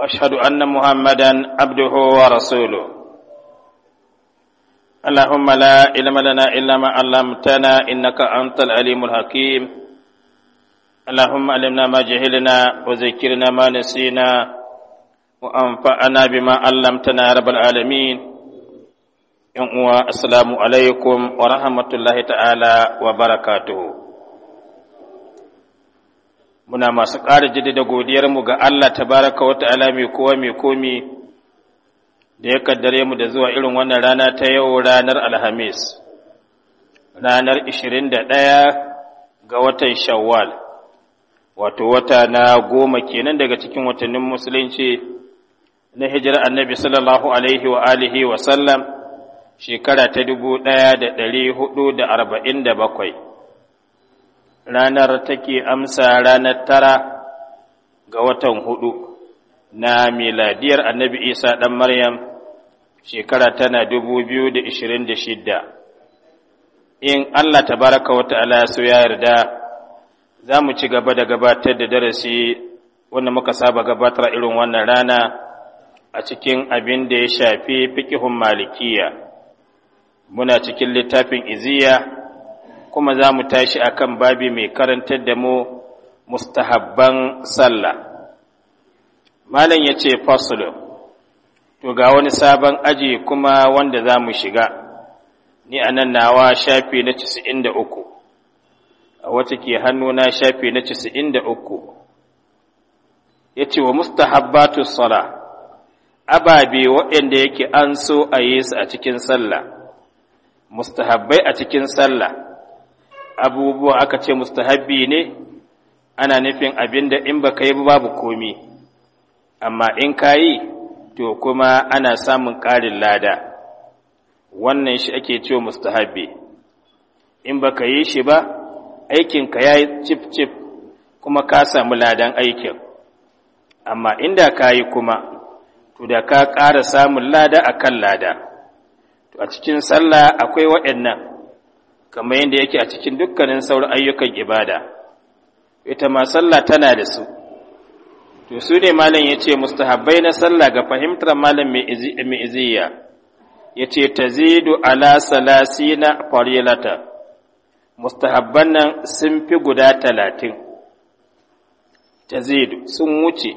واشهد ان محمدا عبده ورسوله اللهم لا علم لنا الا ما علمتنا انك انت العليم الحكيم اللهم علمنا ما جهلنا وذكرنا ما نسينا وانفعنا بما علمتنا يا رب العالمين ان السلام عليكم ورحمه الله تعالى وبركاته muna masu ƙara godiyar godiyarmu ga Allah tabaraka wa ta'ala mai kowa mai komi da ya kaddare mu da zuwa irin wannan rana ta yau ranar Alhamis ranar 21 ga watan Shawwal wato wata na goma kenan daga cikin watannin musulunci na hijirar annabi sallallahu alaihi wa alihi wa sallam shekara ta 1447 ranar take amsa ranar tara ga watan hudu na miladiyar annabi isa ɗan maryam shekara tana dubu biyu da ishirin da shidda in allah Ta baraka wata su ya yarda za mu ci gaba da gabatar da darasi wanda muka saba gabatar irin wannan rana a cikin abin da ya shafi fikihun malikiya muna cikin littafin iziya kuma za mu tashi a kan babi mai karantar da mu mustahabban sallah malam ya ce fasulu to ga wani sabon aji kuma wanda za mu shiga ni a nan nawa shafi na casa'in da uku a wata ke hannuna shafi na casa'in da uku ya ce wa mustahabbatu sala ababe waɗanda yake an so a yi su a cikin sallah mustahabbai a cikin sallah abubuwa aka ce mustahabbi ne ana nufin abin da in baka yi babu komi amma in ka yi to kuma ana samun ƙarin lada wannan shi ake cewa mustahabbi in baka yi shi ba aikinka ya yi cif-cif kuma ka samu ladan aikin amma inda ka yi kuma to da ka ƙara samun lada a kan lada to a cikin sallah akwai waɗannan kamar yadda yake a cikin dukkanin sauran ayyukan ibada ita ma sallah tana da su to su ne malam ya ce mustahabbai na sallah ga fahimtar malam mai iziya ya ce ta zidu ala salasi na farilata mustahabban nan sun fi guda talatin ta zidu sun wuce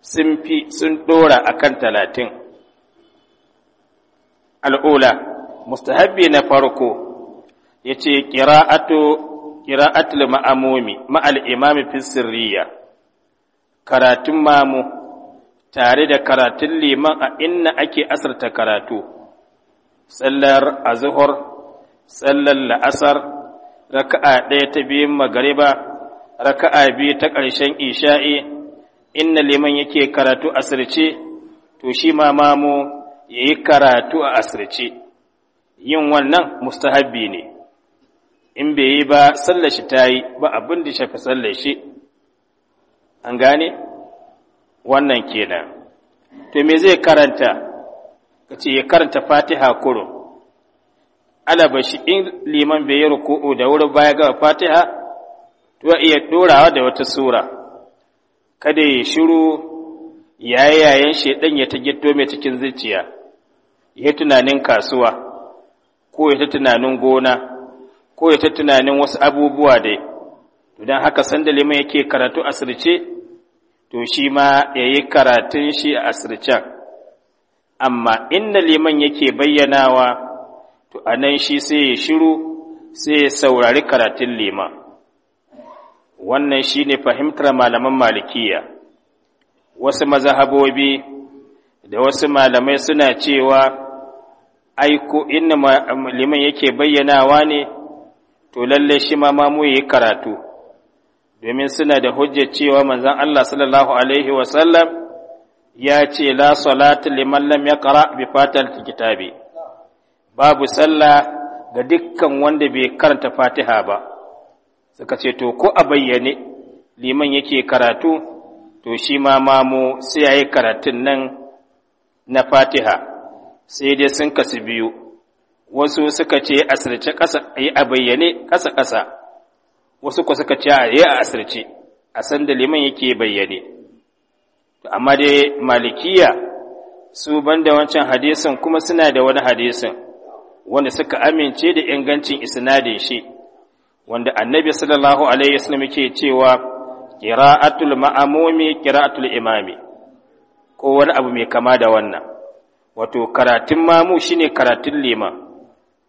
sun fi sun ɗora a kan talatin al'ula mustahabbi na farko yace qira'atu qira'atul ma'amumi ma'al imami fi sirriya karatun mamu tare da karatun liman a inna ake asarta karatu sallar azhur sallar la'asar raka'a ɗaya ta biyun magariba raka'a biyu ta ƙarshen isha'i inna liman yake karatu asirce to shi ma mamu yayi karatu a asirce yin wannan mustahabbi ne in bai yi ba sallar shi ta yi ba abin da shafi sallar shi an gane wannan kenan to me zai karanta ka ce ya karanta fatiha kuro alaba shi in liman bai yi ruku'u da wuri baya gaba fatiha to iya dorawa da wata sura kada ya shiru yayayen shedan ya ta gito mai cikin zuciya ya tunanin kasuwa ko ya ta tunanin gona ko ya ta tunanin wasu abubuwa dai don haka sanda liman yake karatu a sirce to shi ma ya yi karatun shi a sirce amma inda liman yake bayyanawa to a nan shi sai ya shiru sai ya saurari karatun liman wannan shi ne fahimtar malaman malikiya wasu mazahabobi da wasu malamai suna cewa aiko inna liman yake bayyanawa ne to lalle shi ma ma yi karatu domin suna da hujjar cewa manzon Allah sallallahu alaihi wa sallam ya ce la salatu liman lam yaqra bi fatal kitabi babu sallah ga dukkan wanda bai karanta Fatiha ba suka ce to ko a bayyane liman yake karatu to shi ma mamu sai yayi karatun nan na Fatiha sai dai sun kasu biyu wasu suka ce asirce ƙasa a bayyane ƙasa-ƙasa wasu ko suka ce a yi a asirce a san da liman yake bayyane amma dai malikiya su banda wancan hadisun kuma suna da wani hadisun wanda suka amince da ingancin isnadin shi wanda annabi sallallahu alaihi wasallam yake cewa qira'atul ma'amumi qira'atul imami ko wani abu mai kama da wannan wato karatun mamu shine karatun liman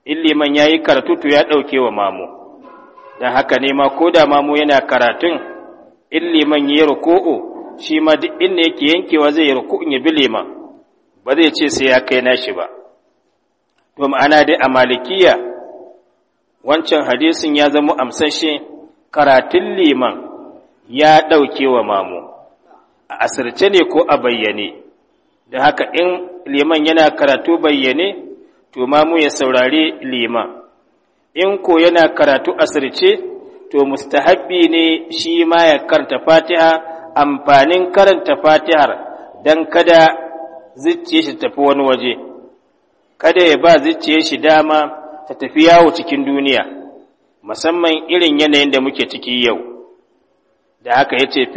in liman ya yi karatu to ya ɗauke wa mamu don haka ne ma ko da mamu yana karatun in liman ya yi ruku'u shi ma duk inda yake yankewa zai yi ruku'un ya bi liman ba zai ce sai ya kai nashi ba to ma'ana dai a malikiya wancan hadisin ya zama amsashe karatun liman ya ɗauke wa mamu a asirce ne ko a bayyane da haka in liman yana karatu bayyane to mu ya saurari lima in ko yana karatu asirce to mustahabbi ne shi ma ya karanta fatiha amfanin karanta fatihar don kada zuciye shi tafi wani waje kada ya ba zuciye shi dama ta tafi yawo cikin duniya musamman irin yanayin da muke ciki yau da haka ya ce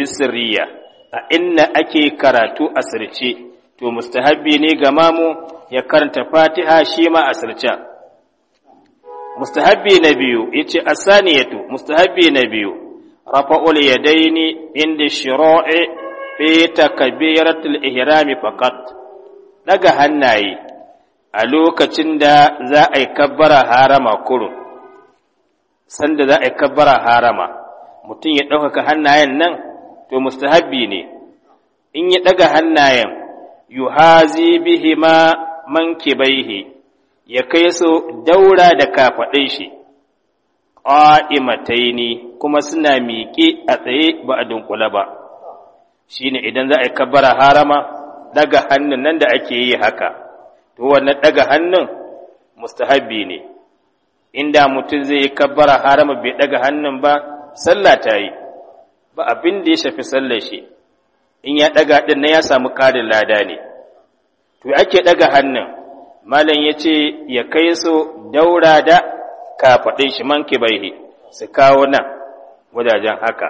a inna ake karatu asirce to mustahabbi ne ga mamu ya karanta fatiha shi ma a sirca mustahabbi na biyu ya ce asaniyatu mustahabbi na biyu rafa'ul yadaini inda shiro'i fi takabiratul ihrami faqat daga hannaye a lokacin da za a yi kabbara harama kurun sanda za a yi kabbara harama mutum ya ɗaukaka hannayen nan to mustahabbi ne in ya ɗaga hannayen yuhazi bihima mankibaihi ya kai su daura da kafaɗe shi ƙa'imataini kuma suna miƙe a tsaye ba a dunkula ba shi ne idan za a yi kabbara harama daga hannun nan da ake yi haka to wannan daga hannun mustahabbi ne inda mutum zai yi kabbara harama bai daga hannun ba sallah ta yi ba abin da ya shafi sallar shi in ya daga din na ya samu ƙarin lada ne to ake daga hannun malam ya ce ya kai su daura da kafaɗin shi man kibaihi su kawo nan wajajen haka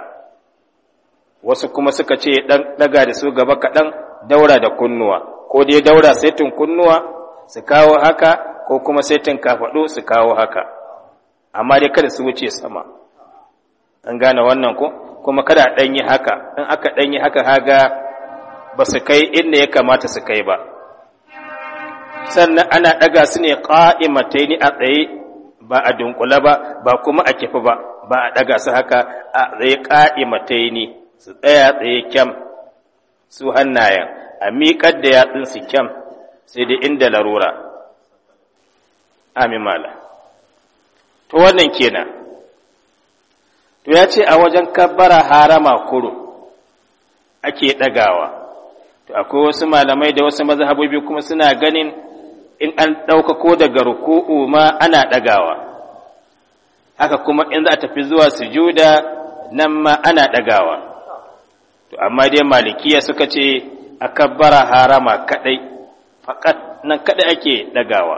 wasu kuma suka ce daga da su gaba kaɗan daura da kunnuwa ko dai daura saitin kunnuwa su kawo haka ko kuma saitin kafaɗo su kawo haka amma dai kada su wuce sama an gane wannan ko kuma kada a ɗanyi haka in aka ɗanyi haka haga ba su kai inda ya kamata su kai ba sannan ana ɗaga su ne ƙa’imata ni a tsaye ba a dunkula ba ba kuma a kifi ba ba a ɗaga su haka a tsaye ƙa’imata ni su tsaya tsaye kyam su hannayen a miƙar da yatsun su kyam sai da inda larura amin mala to wannan kenan to ya ce a wajen kabbara harama kuro ake ɗagawa to akwai wasu malamai da wasu mazhabobi kuma suna ganin in an ɗaukako daga ruku'u ma ana ɗagawa haka kuma in za a tafi zuwa sujuda nan ma ana ɗagawa to amma dai malikiya suka ce a kabbara harama kaɗai faƙat nan kaɗai ake ɗagawa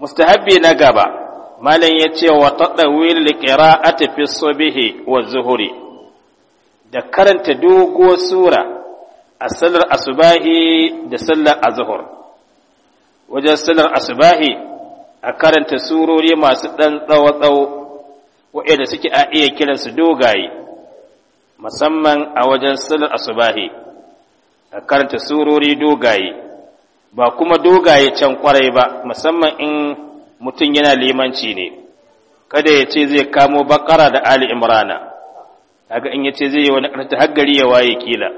mustahabbi na gaba malam ya ce wa taɗawil a fi subihi wa zuhuri da karanta dogo sura a sallar asubahi da sallar azuhur. wajen salar asbahi a karanta surori masu ɗan tsawo-tsawo waɗanda suke a iya kiransu dogaye musamman a wajen salar asbahi a karanta surori dogaye ba kuma dogaye can kwarai ba musamman in mutum yana limanci ne kada ya ce zai kamo bakara da ali imrana kaga in ya ce zai yi wani karanta haggari ya waye kila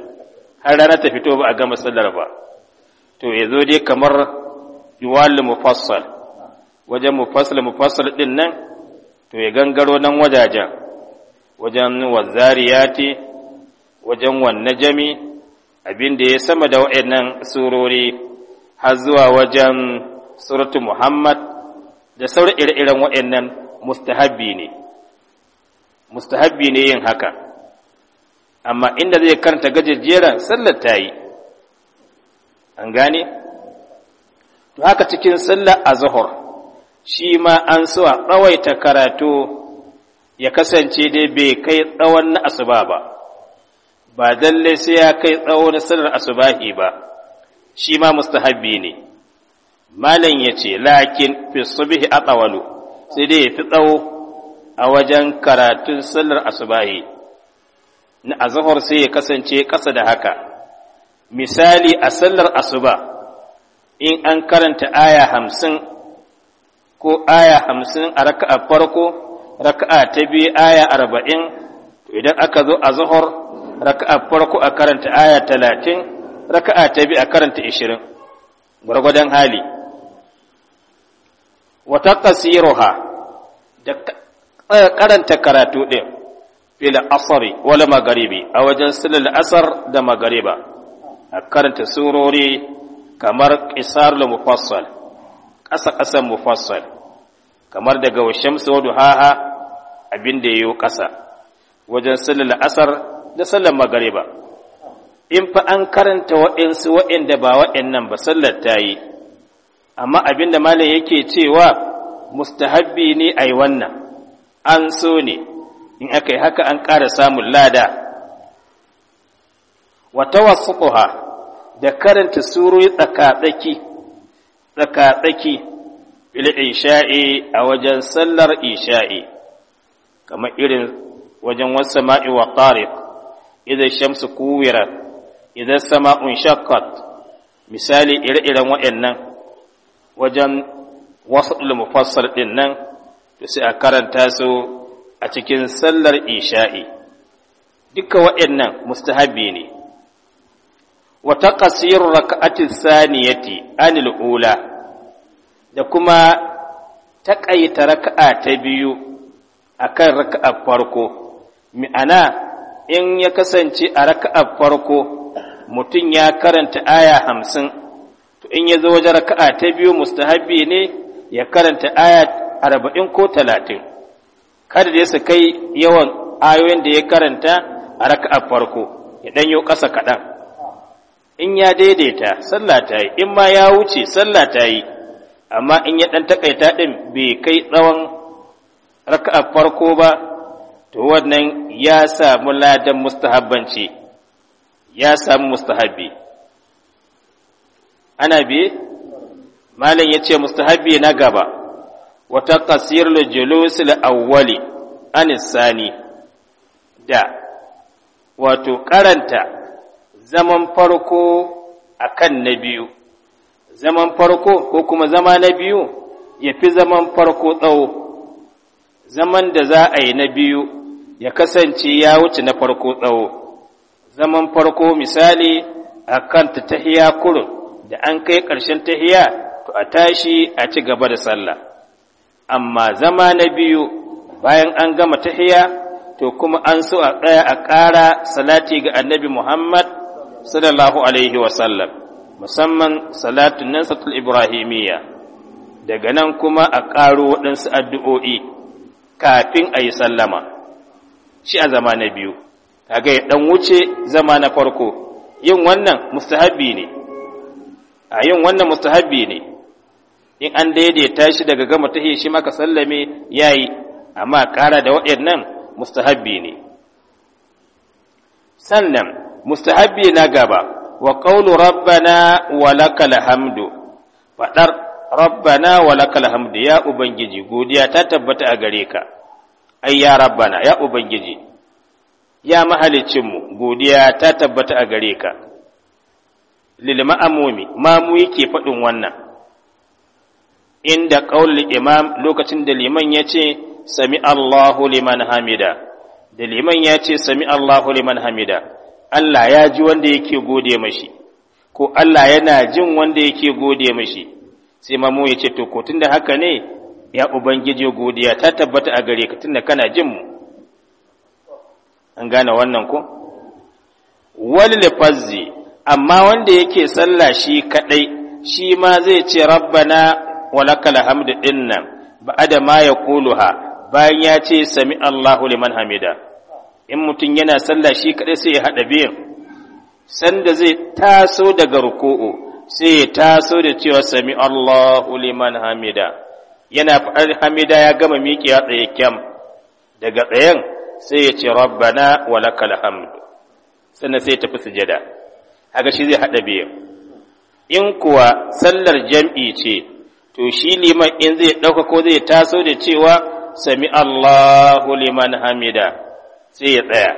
har rana ta fito ba a gama sallar ba to ya zo dai kamar juwali mufassal wajen mufassal mufassal din nan to ya gangaro nan wajajen wajen wazariyati wajen wannajami abin da ya sama da wa'annan surori har zuwa wajen suratu muhammad da sauran ire-iren wa'annan mustahabbi ne mustahabbi ne yin haka amma inda zai karanta gajejjeren sallar ta yi an gane to haka cikin sallar azhar shi ma an so a tsawaita karatu ya kasance dai bai kai tsawon na asuba ba ba dalle sai ya kai tsawo na sallar asubahi ba shi ma mustahabbi ne malam yace lakin fi subhi atawalu sai dai fi tsawo a wajen karatun sallar asubahi na azhar sai ya kasance ƙasa da haka misali a sallar asuba in an karanta aya hamsin ko aya hamsin a raka'a farko raka'a ta biyu aya arba'in idan aka zo a zuhur raka'a farko a karanta aya talatin raka'a ta biyu a karanta ishirin gwargwadon hali wata ƙasiruha da eh, karanta karatu ɗin fila asari wala magaribi a wajen silal asar da magariba a karanta surori kamar qisarul mufassal ƙasa ƙasan mufassal kamar daga washamsu wa ha'ha, abin da yayo ƙasa wajen sallar asar da sallar magariba in fa an karanta wa'insu wa'inda ba nan ba sallar ta yi amma abin da malam yake cewa mustahabbi ne ai wannan an so ne in aka yi haka an ƙara samun lada wa tawassuquha da karanta surori tsakatsaki tsakatsaki fil isha'i a wajen sallar isha'i kamar irin wajen wasu wa tariq idan shamsu kuwira idan sama'un shaqqat misali ire-iren waɗannan wajen wasu mufassal din nan da sai a karanta su a cikin sallar isha'i duka waɗannan mustahabi ne wa taqsir rak'ati saniyati anil ula da kuma taƙaita raka'a ta biyu akan raka'a farko ma'ana in ya kasance a raka'a farko mutum ya karanta aya hamsin to in ya zo wajen raka'a ta biyu mustahabi ne ya karanta aya arba'in ko talatin kada da su kai yawan ayoyin da ya karanta a raka'a farko ya ɗanyo ƙasa kaɗan in ya daidaita sallah ta yi in ma ya wuce sallah ta yi amma in ya ɗan taƙaita ɗin bai kai tsawon raka'a farko ba to wannan ya samu ladan mustahabbanci ya samu mustahabbi ana bi malam ya ce mustahabbi na gaba wata ƙasir da julusul awwali anisani da wato karanta zaman farko a kan na biyu zaman farko ko kuma zama na biyu ya fi zaman farko tsawo zaman da za a yi na biyu ya kasance ya wuce na farko tsawo zaman farko misali a kan ta tahiya kurun da an kai ƙarshen tahiya to a tashi a ci gaba da sallah amma zama na biyu bayan an gama tahiya to kuma an so a tsaya a ƙara salati ga annabi Muhammad sallallahu alaihi wasallam musamman salatun nan satul ibrahimiyya daga nan kuma a ƙaro waɗansu addu'o'i kafin a yi sallama shi a zama na biyu kaga ya ɗan wuce zama na farko yin wannan mustahabi ne a yin wannan mustahabi ne in an daidaita shi daga gama ta shi maka sallame yayi amma ƙara da waɗannan mustahabi ne sannan mustahabbi na gaba wa qawlu rabbana wa lakal hamdu fadar rabbana wa lakal hamdu ya ubangiji godiya ta tabbata a gare ka ai ya rabbana ya ubangiji ya mahalicin mu godiya ta tabbata a gare ka lil ma'amumi mu yake faɗin wannan inda qaulul imam lokacin da liman ya ce sami Allahu liman hamida da liman ya ce sami Allahu liman hamida Allah ya ji wanda yake gode mashi ko Allah yana jin wanda yake gode mashi sai mamu ya ce to ko tunda haka ne ya ubangiji godiya ta tabbata a gare ka tunda kana jin mu an gane wannan ko wal lafazzi amma wanda yake sallah shi kadai shi ma zai ce rabbana walakal hamdu dinnan ba'ada ma yaquluha bayan ya ce sami Allahu liman hamida in mutum yana sallah shi kaɗai sai ya haɗa biyan sanda zai taso daga ruku'u sai ya taso da cewa sami Allahu liman hamida yana faɗar hamida ya gama ya tsaye kyam daga tsayen sai ya ce rabbana wa hamd sannan sai ya tafi sujada haka shi zai haɗa biyan in kuwa sallar jam'i ce to shi liman in zai ɗauka ko zai taso da cewa sami Allahu liman hamida sai ya tsaya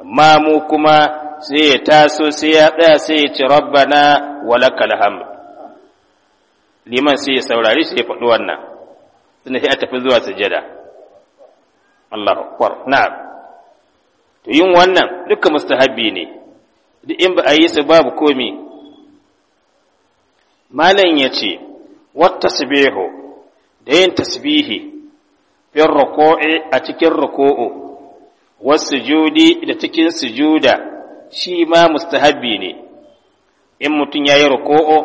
amma mu kuma sai ya taso sai ya tsaya sai ya ci rabbana walakal ham liman sai ya saurari sai ya faɗi wannan suna sai a tafi zuwa sujada Allah akbar na'am to yin wannan duka mustahabbi ne duk in ba a yi su babu komi malam ya ce wata tasbihu da yin tasbihi fi ruku'i a cikin ruku'u wasu judi da cikin sujuda shi ma mustahabbi ne in mutum ya yi ruko'o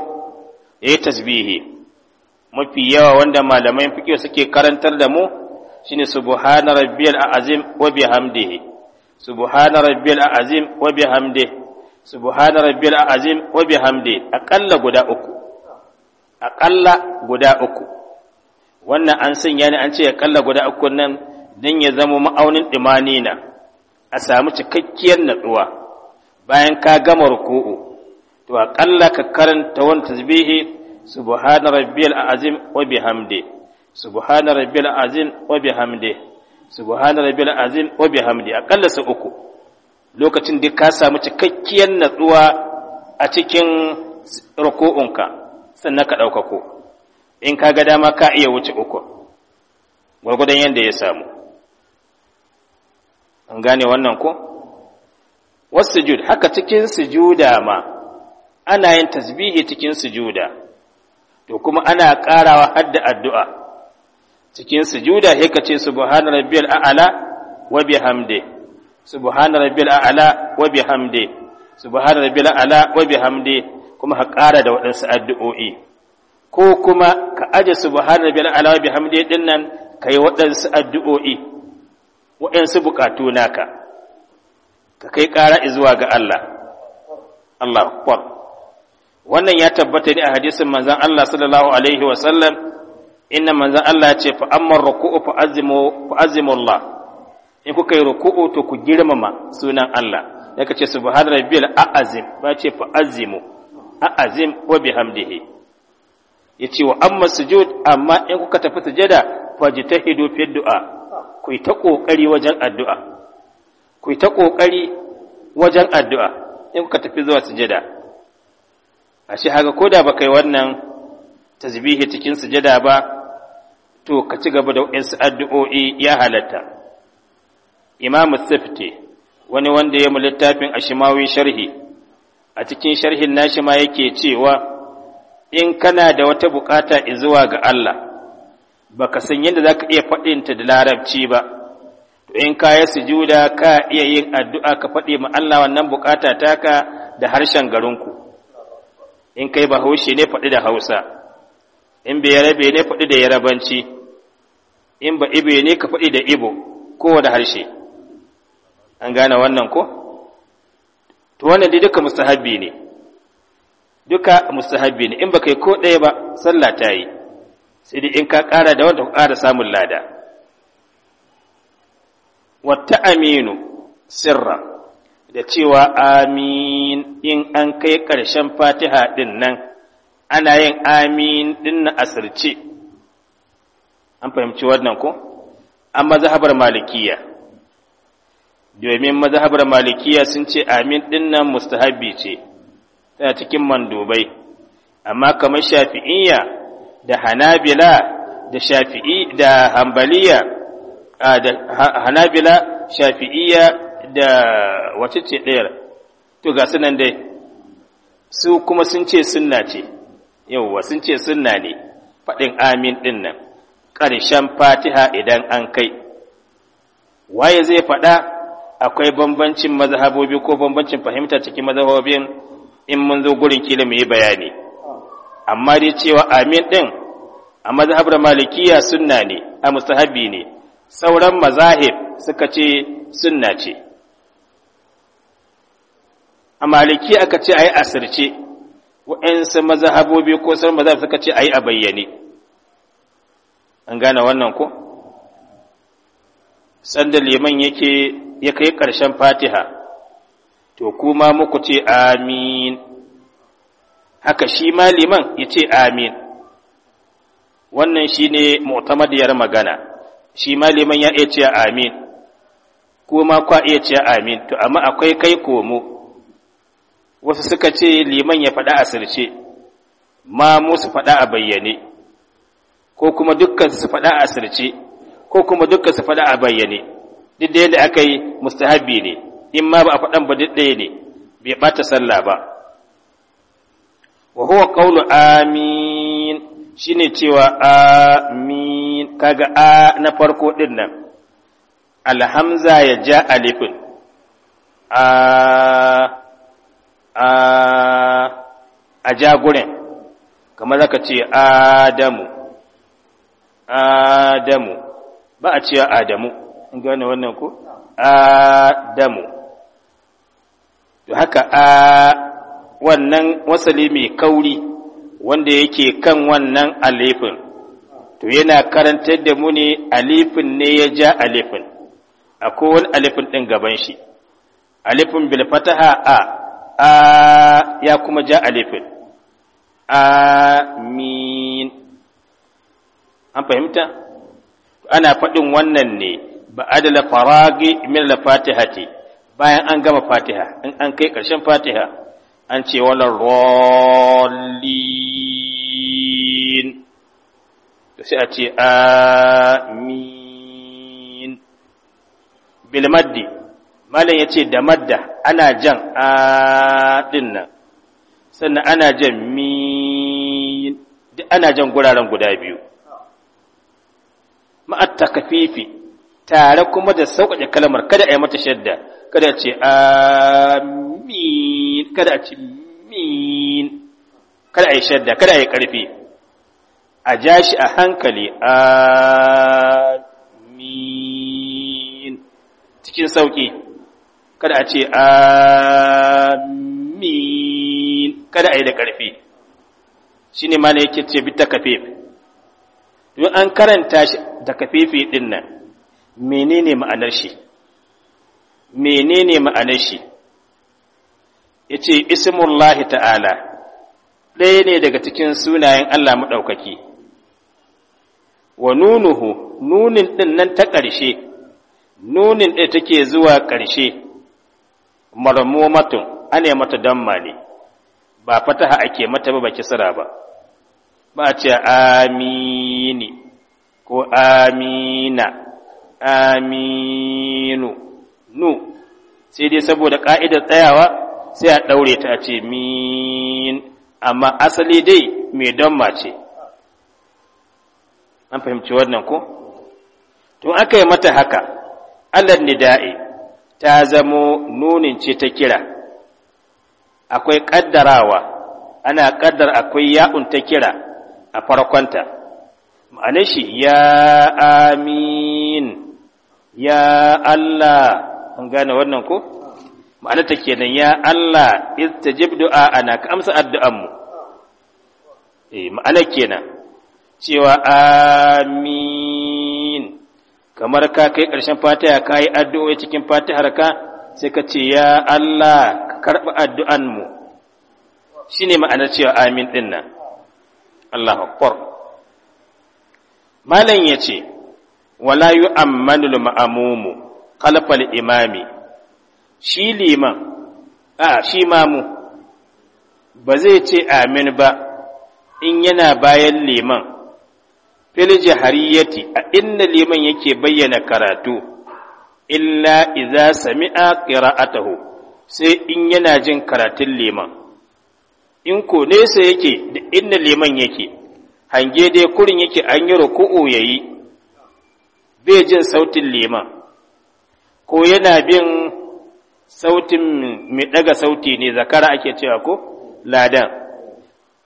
ya yi tasbihi mafi yawa wanda malamai fiƙe suke karantar da mu shine subhana rabbiyal azim wa bihamdihi subhana rabbiyal azim wa bihamdihi subhana rabbiyal azim wa bihamdihi aqalla guda uku aqalla guda uku wannan an sanya ne an ce aqalla guda uku nan dan ya zama ma'aunin imanina. na a samu cikakkiyar natsuwa bayan ka gama ruku'u to aƙalla ka karanta wani tasbihi subhana rabbiyal azim wa bihamdi subhana rabbiyal azim wa bihamdi subhana rabbiyal azim wa bihamdi aƙalla su uku lokacin da ka samu cikakkiyar natsuwa a cikin ruku'unka sannan ka ɗaukako in ka ga dama ka iya wuce uku gwargwadon yadda ya samu an gane wannan ko wasujud haka cikin sujuda ma ana yin tasbihi cikin sujuda to kuma ana karawa hadda addu'a cikin sujuda sai ka ce subhana rabbiyal a'la wa bihamdi subhana rabbiyal a'la wa bihamdi subhana rabbiyal a'la wa bihamdi kuma ka kara da waɗansu addu'o'i ko kuma ka aje subhana rabbiyal a'la wa bihamdi dinnan kai waɗansu addu'o'i waɗansu buƙatu naka ka kai ƙara zuwa ga Allah Allah kwam wannan ya tabbata ne a hadisin manzan Allah sallallahu alaihi wa sallam inna manzan Allah ce fa amma ruku'u fa azimu Allah in kuka yi ruku'u to ku girmama sunan Allah da ka ce hadar biyar a'azim ba ce fa azimu a'azim wa ya ce wa amma sujud amma in kuka tafi sujada hidu fi du'a ku yi ta ƙoƙari wajen addu'a ku yi ta ƙoƙari wajen addu'a in kuka tafi zuwa sujada a shi haka ko da ba kai wannan tasbihi cikin sujada ba to ka ci gaba da waɗansu addu'o'i ya halatta imamu sifte wani wanda ya mu littafin shimawi sharhi a cikin sharhin nashi ma yake cewa in kana da wata bukata zuwa ga Allah Ba ka san yadda za ka iya faɗinta da larabci ba to in ka yi sujuda ka iya yin addu'a ka faɗi ma Allah wannan bukata taka da harshen garinku in kai bahaushe ne faɗi da Hausa in bai yarabe ne faɗi da yarabanci in ba ibe ne ka faɗi da ibo ko da harshe an gane wannan ko to wannan dai duka mustahabbi ne duka mustahabbi ne in ba kai ko ɗaya ba sallah ta yi sai dai in ka ƙara da wanda ku ƙara samun lada wata aminu sirra da cewa amin in an kai ƙarshen fatiha ɗin nan ana yin amin ɗin na asirce an fahimci wannan ko an mazhabar malikiya domin mazhabar malikiya sun ce amin ɗin nan mustahabbi ce tana cikin mandubai amma kamar shafi'iyya da hanabila da shafi'i da hambaliya da hanabila shafi'iyya da wace ce ɗayar to ga sunan dai su kuma sun ce sunna ce yauwa sun ce sunna ne faɗin amin ɗin nan ƙarshen fatiha idan an kai waye zai faɗa akwai bambancin mazhabobi ko bambancin fahimta cikin mazhabobin in mun zo gurin kila mu yi bayani amma dai cewa amin ɗin a mazhabar malikiya sunna ne a mustahabi ne sauran mazahib suka ce sunna ce a maliki aka ce ayi asirce waɗansu mazhabobi ko sauran mazhab suka ce ayi a bayyane an gane wannan ko sanda liman yake ya kai ƙarshen fatiha to kuma muku ce amin haka shi maliman ya ce amin wannan shi ne mu'tamadiyar magana shi maliman ya iya ce amin kuma kwa iya ce amin to amma akwai kai komo wasu suka ce liman ya faɗa a sirce ma musu faɗa a bayyane ko kuma dukkan su faɗa a sirce ko kuma dukkan su faɗa a bayyane duk da yadda aka yi mustahabi ne in ma ba a faɗan ba duk ɗaya ne bai ɓata sallah ba wa huwa qawlu amin shine cewa amin kaga a na farko din nan alhamza ya ja alifin a a a ja gurin kamar zaka ce adamu adamu ba a cewa adamu in gane wannan ko adamu to haka a wannan wasali mai kauri wanda yake kan wannan alifin to yana karantar da mu ne alifin ne ya ja alifin akwai wani alifin ɗin gaban shi alifin bil a a ya kuma ja alifin amin an fahimta ana faɗin wannan ne ba adala faragi min la fatihati bayan an gama fatiha in an kai ƙarshen fatiha an ce walar rollin da sai a ce amin bilmaddi malam ya ce da madda ana jan a nan sannan ana jan min ana jan guraren guda biyu ma'atta kafifi tare kuma da sauƙaƙe kalmar kada a yi mata shadda kada ce amin kada a ce min kada a yi shadda kada a yi ƙarfi a ja shi a hankali amin cikin sauƙi kada a ce amin kada a yi da ƙarfi ma ne yake ce bi ta kafe don an karanta shi da kafefe ɗin nan menene ma'anar shi menene ma'anar shi yace ismullahi ta'ala ɗaya ne daga cikin sunayen Allah maɗaukaki wa nunuhu nunin ɗin nan ta ƙarshe nunin ɗin take zuwa ƙarshe marmumatun ane mata damma ne ba fataha ake mata ba kisra ba ba a ce amini ko amina aminu nu sai dai saboda ƙa'idar tsayawa sai a ɗaure ta ce min amma asali dai mai don mace an fahimci wannan ko to aka yi mata haka alal nida'i ta zamo nunin ce ta kira akwai ƙaddarawa ana ƙaddar akwai ya'un ta kira a farkonta ma'anar shi ya amin ya Allah an gane wannan ko ma'ana ta kenan ya Allah istajib du'a ana ka amsa addu'an mu eh ma'ana kenan cewa amin kamar ka kai karshen fatiha ka yi addu'o'i cikin fatihar ka sai ka ce ya Allah ka karba addu'an mu shine ma'anar cewa amin din nan Allahu akbar malam yace wala yu'ammanul ma'amumu kalfal imami shi liman a shi mamu ba zai ce amin ba in yana bayan liman fil jahariyati a inda liman yake bayyana karatu illa idza sami'a qira'atahu sai in yana jin karatun liman in ko nesa yake da inda liman yake hange dai kurin yake an yi ruku'u yayi bai jin sautin liman ko yana bin sautin mai ɗaga sauti ne zakara ake cewa ko ladan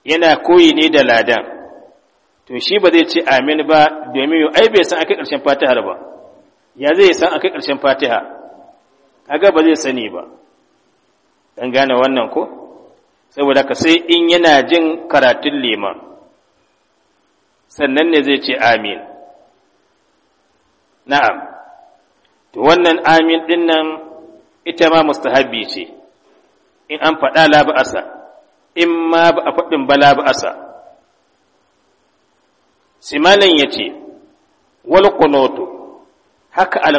yana koyi ne da ladan to shi ba zai ce amin ba domin yau ai bai san akai ƙarshen fatihar ba ya zai san akai ƙarshen fatiha kaga ba zai sani ba dan gane wannan ko saboda ka sai in yana jin karatun liman sannan ne zai ce amin na'am to wannan amin din nan ita ma mustahabbi ce in an faɗa la ba'asa in ma ba a faɗin ba la ba'asa simalan ya ce wal haka al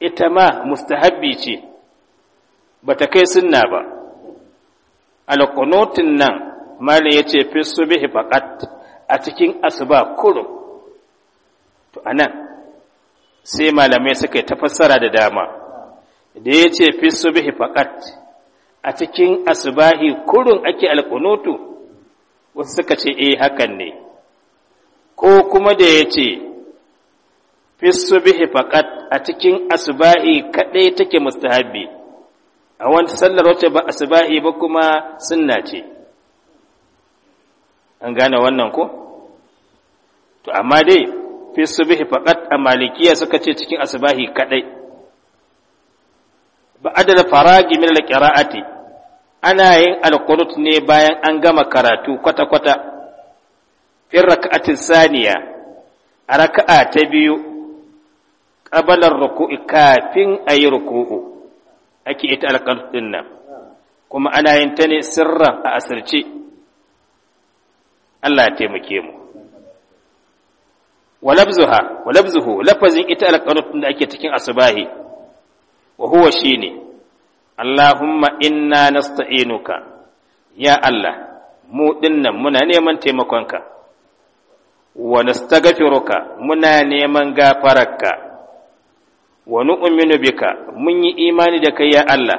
ita ma mustahabbi ce ba ta kai sunna ba al nan malam ya ce fi subhi faqat a cikin asuba kurum to anan sai malamai suka yi tafassara da dama da ya ce fi bihi faqat a cikin asbahi kurun ake alkunutu wasu suka ce eh hakan ne ko kuma da ya ce fi bihi faqat a cikin asbahi kaɗai take mustahabi a wani sallar wacce ba asbahi ba kuma sunna ce an gane wannan ko to amma dai fi subhi faqat a malikiya suka ce cikin asbahi kadai ba adala faragi min alqira'ati ana yin alqunut ne bayan an gama karatu kwata kwata fi rak'atin saniya a raka'a ta biyu ƙabalar ruku'i kafin ayi ruku'u ake ita alqunut din nan kuma ana yin ta ne sirran a asirce Allah ya taimake mu wa labzuha wa labzuhu lafazin ita alqanut da ake cikin asbahi wa huwa shine Allahumma inna nasta'inuka ya Allah mu dinnan muna neman taimakonka wa nastaghfiruka muna neman gafararka wa nu'minu bika mun yi imani da kai ya Allah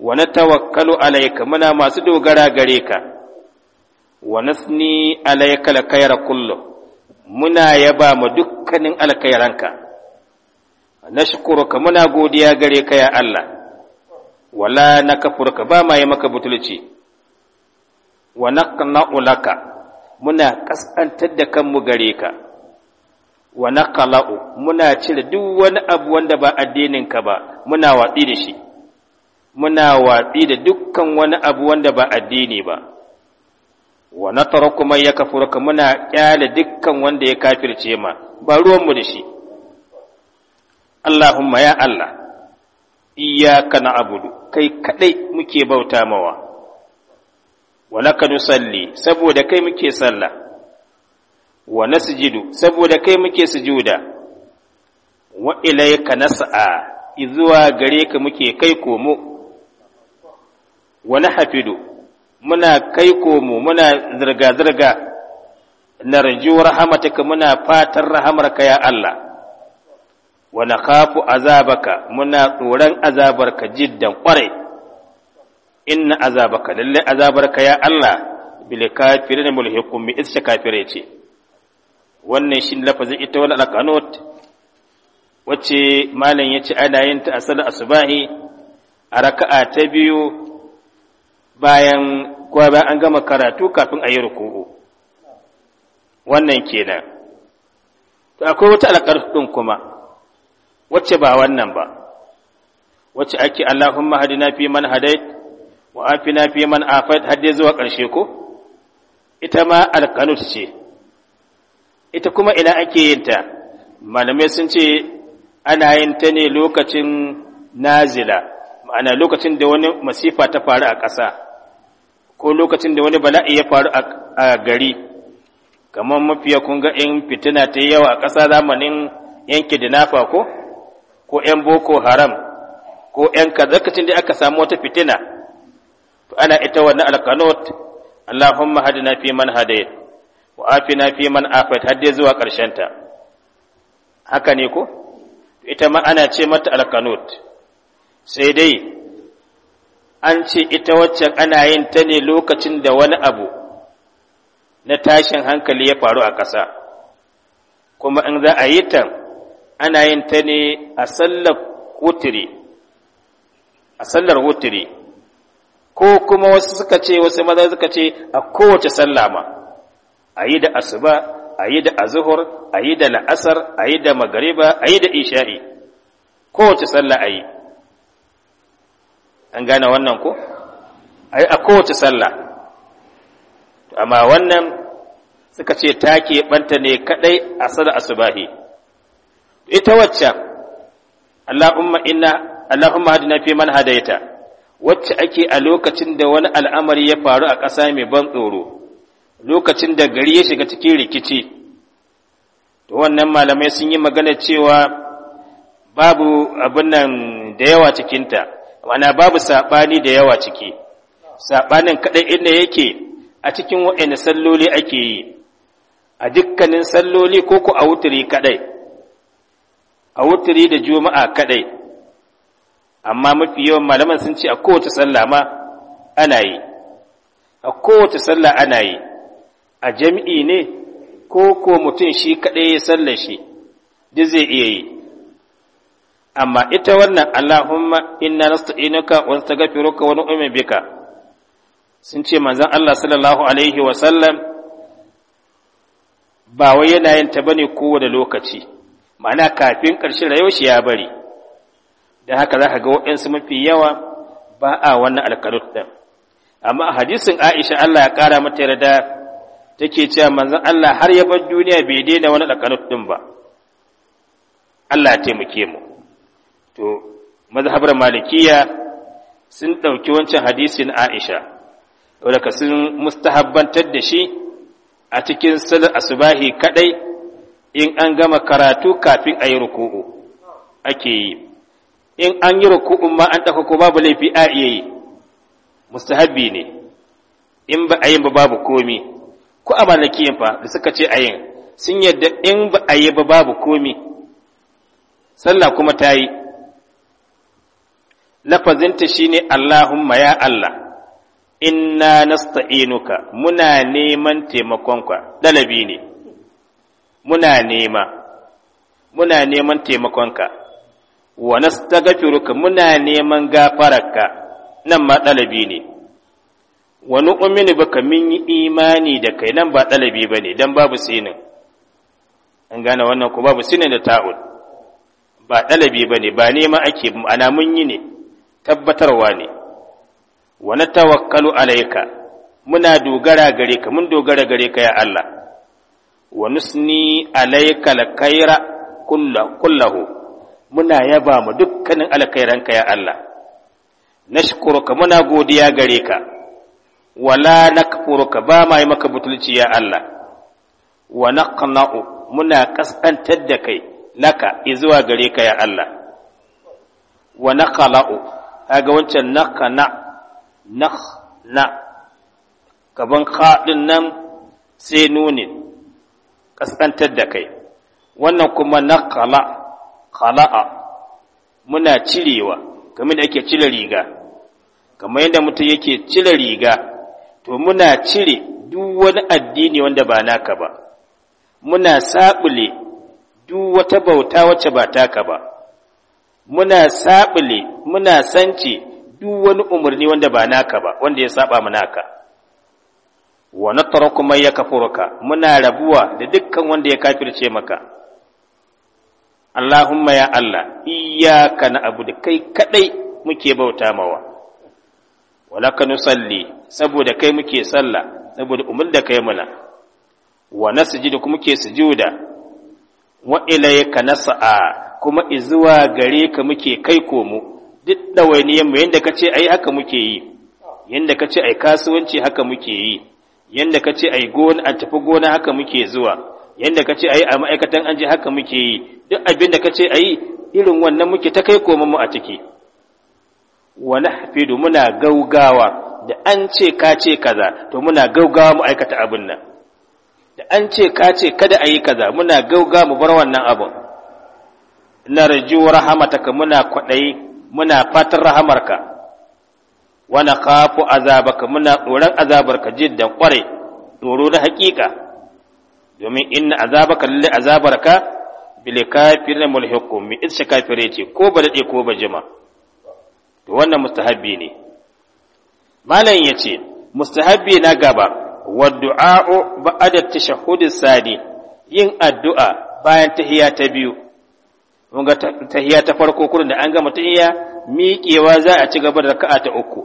wa natawakkalu alayka muna masu dogara gare ka wa nasni alayka lakayra kullu muna yaba ma dukkanin alkhairanka nashkuruka muna godiya gare ka ya Allah wala nakfurka ba ma yi maka butulci wa naqna'u laka muna kasantar da kanmu gare ka wa naqla'u muna cire duk wani abu wanda ba addinin ka ba muna watsi da shi muna watsi da dukkan wani abu wanda ba addini ba wa ya ya kafurka muna kyale dukkan wanda ya kafirce ma ba ruwanmu da shi Allahumma ya Allah iyyaka na'budu kai kaɗai muke bauta mawa wa laka nusalli saboda kai muke sallah wa nasjudu saboda kai muke sujuda wa ilayka nas'a izuwa gare ka muke kai komo wa nahfidu muna kai komo muna zirga-zirga na narju rahamataka muna fatan rahamarka ya Allah wa kafu azabaka muna tsoron azabarka jiddan kwarai inna azabaka lalle azabarka ya Allah bil kafirin mulhiqum bi isa kafire ce wannan shin lafazin ita wal alqanut wacce malam ya ce ana yin ta a asubahi a raka'a ta biyu bayan kuwa bayan an gama karatu kafin a yi ruku'u wannan kenan to akwai wata alƙar ɗin kuma wacce ba wannan ba wacce ake Allahumma hadina fi man hadait wa afina fi man afait hadde zuwa ƙarshe ko ita ma alƙanut ce ita kuma ina ake yin ta malamai sun ce ana yin ta ne lokacin nazila ma'ana lokacin da wani masifa ta faru a ƙasa ko lokacin da wani bala'i ya faru a gari kamar mafiya kun ga in fitina ta yi yawa a ƙasa zamanin yanke dinafa ko ko ‘yan boko haram ko ‘yan kazakacin da aka samu wata fitina to ana ita wannan alkanot Allahumma hadina fi man hadayt wa afina fi man afat har dai zuwa ta. haka ne ko ita ma ana ce mata alkanot sai dai an ce ita waccan ana yin ta ne lokacin da wani abu na tashin hankali ya faru a ƙasa kuma in za a yi ta ana yin ta ne a sallar wutiri ko kuma wasu suka ce wasu maza suka ce a kowace sallama, a yi da asuba a yi da azuhur a yi da la'asar a yi da magariba a yi da isha'i kowace sallah a yi an gane wannan ko a kowace sallah amma wannan suka ce ta keɓanta ne kaɗai a sada asubahi ita wacce Allahumma inna Allahumma hadina fi man hadaita wacce ake a lokacin da wani al'amari ya faru a ƙasa mai ban tsoro lokacin da gari ya shiga cikin rikici to wannan malamai sun yi magana cewa babu abin nan da yawa cikinta Wana babu saɓani da yawa ciki saɓanin kaɗai inda yake a cikin waɗanda salloli ake yi a dukkanin salloli ko ku a wuturi kaɗai a wuturi da juma'a kaɗai amma mafi yawan malaman sun ce a kowace sallah ma ana yi a kowace sallah ana yi a jami'i ne ko ko mutum shi kaɗai ya sallar shi duk zai iya yi amma ita wannan Allahumma inna nasta'inuka wa nastaghfiruka wa nu'minu bika sun ce manzon Allah sallallahu alaihi wa sallam ba wai yana yin ta bane kowane lokaci ma'ana kafin ƙarshen rayuwar shi ya bari dan haka zaka ga waɗansu mafi yawa ba a wannan alƙalut din amma a hadisin Aisha Allah ya ƙara mata yarda take cewa manzon Allah har ya bar duniya bai daina wani alƙalut din ba Allah ya taimake mu to mazhabar malikiya sun ɗauki wancan hadisin aisha wadaka sun mustahabbantar da shi a cikin salar asubahi kadai in an gama karatu kafin a yi ruku'u ake yi in an yi ruku'un ma an ɗauka ko babu laifi a iya yi mustahabbi ne in ba a yi ba babu komi ko a malakiyin fa da suka ce a yin sun yadda in ba a yi ba babu komi sallah kuma ta yi lafazinta ne Allahumma ya Allah inna nasta'inuka muna neman taimakonka dalabi ne muna nema muna neman taimakonka wa nastaghfiruka muna neman gafararka nan ma dalabi ne wa nu'minu baka min yi imani da kai nan ba ba ne don babu sinin an gane wannan ku babu sinin da ta’ud, ba ba bane ba nema ake ana mun yi ne tabbatarwa ne wa na tawakkalu alaika muna dogara gare ka mun dogara gare ka ya Allah wa nusni alaika alkhaira kullahu muna yaba mu dukkanin alkhairanka ya Allah nashkuruka muna godiya gare ka wala nakfuruka ba ma yi maka butulci ya Allah wa naqna'u muna kaskantar da kai laka izuwa gare ka ya Allah wa naqala'u kaga wancan nakana na- gaban kha din nan sai nunin kaskantar da kai wannan kuma nakala khala'a muna cirewa kamar da ake cire riga kamar yadda mutum yake cire riga to muna cire duk wani addini wanda ba naka ba muna saɓule duk wata bauta wacce ba taka ba muna saɓule muna sance duk wani umarni wanda ba naka ba wanda ya saba mu naka wa nataraku man yakfuruka muna rabuwa da dukkan wanda ya kafirce maka Allahumma ya Allah iyyaka na'budu kai kadai muke bauta mawa walaka nusalli saboda kai muke sallah saboda umul da kai muna wa nasjudu kuma muke sujuda wa ilayka nas'a kuma izuwa gare ka muke kai komo duk ɗawainiyar mu yadda ka ce ai haka muke yi yadda ka ce ai kasuwanci haka muke yi yadda ka ce ai gona a tafi gona haka muke zuwa yadda ka ce ai a ma'aikatan an haka muke yi duk abin da ka ce ai irin wannan muke ta kai koma mu a ciki wa nahfidu muna gaugawa da an ce ka ce kaza to muna gaugawa mu aikata abin nan da an ce ka ce kada a yi kaza muna gauga mu bar wannan abin narju rahamataka muna kwaɗayi muna fatan rahamarka wa kafu azabaka muna tsoron azabarka jiddan kware tsoro na haƙiƙa domin inna azabaka lalle azabarka bil kafirin mulhiqum mi idsa kafire ce ko ba daɗe ko ba jima to wannan mustahabbi ne malam yace mustahabbi na gaba wa du'a ba'da tashahhud sadi yin addu'a bayan tahiyya ta biyu mun ga tahiyya ta farko kurin da an gama tahiyya miƙewa za a ci gaba da raka'a ta uku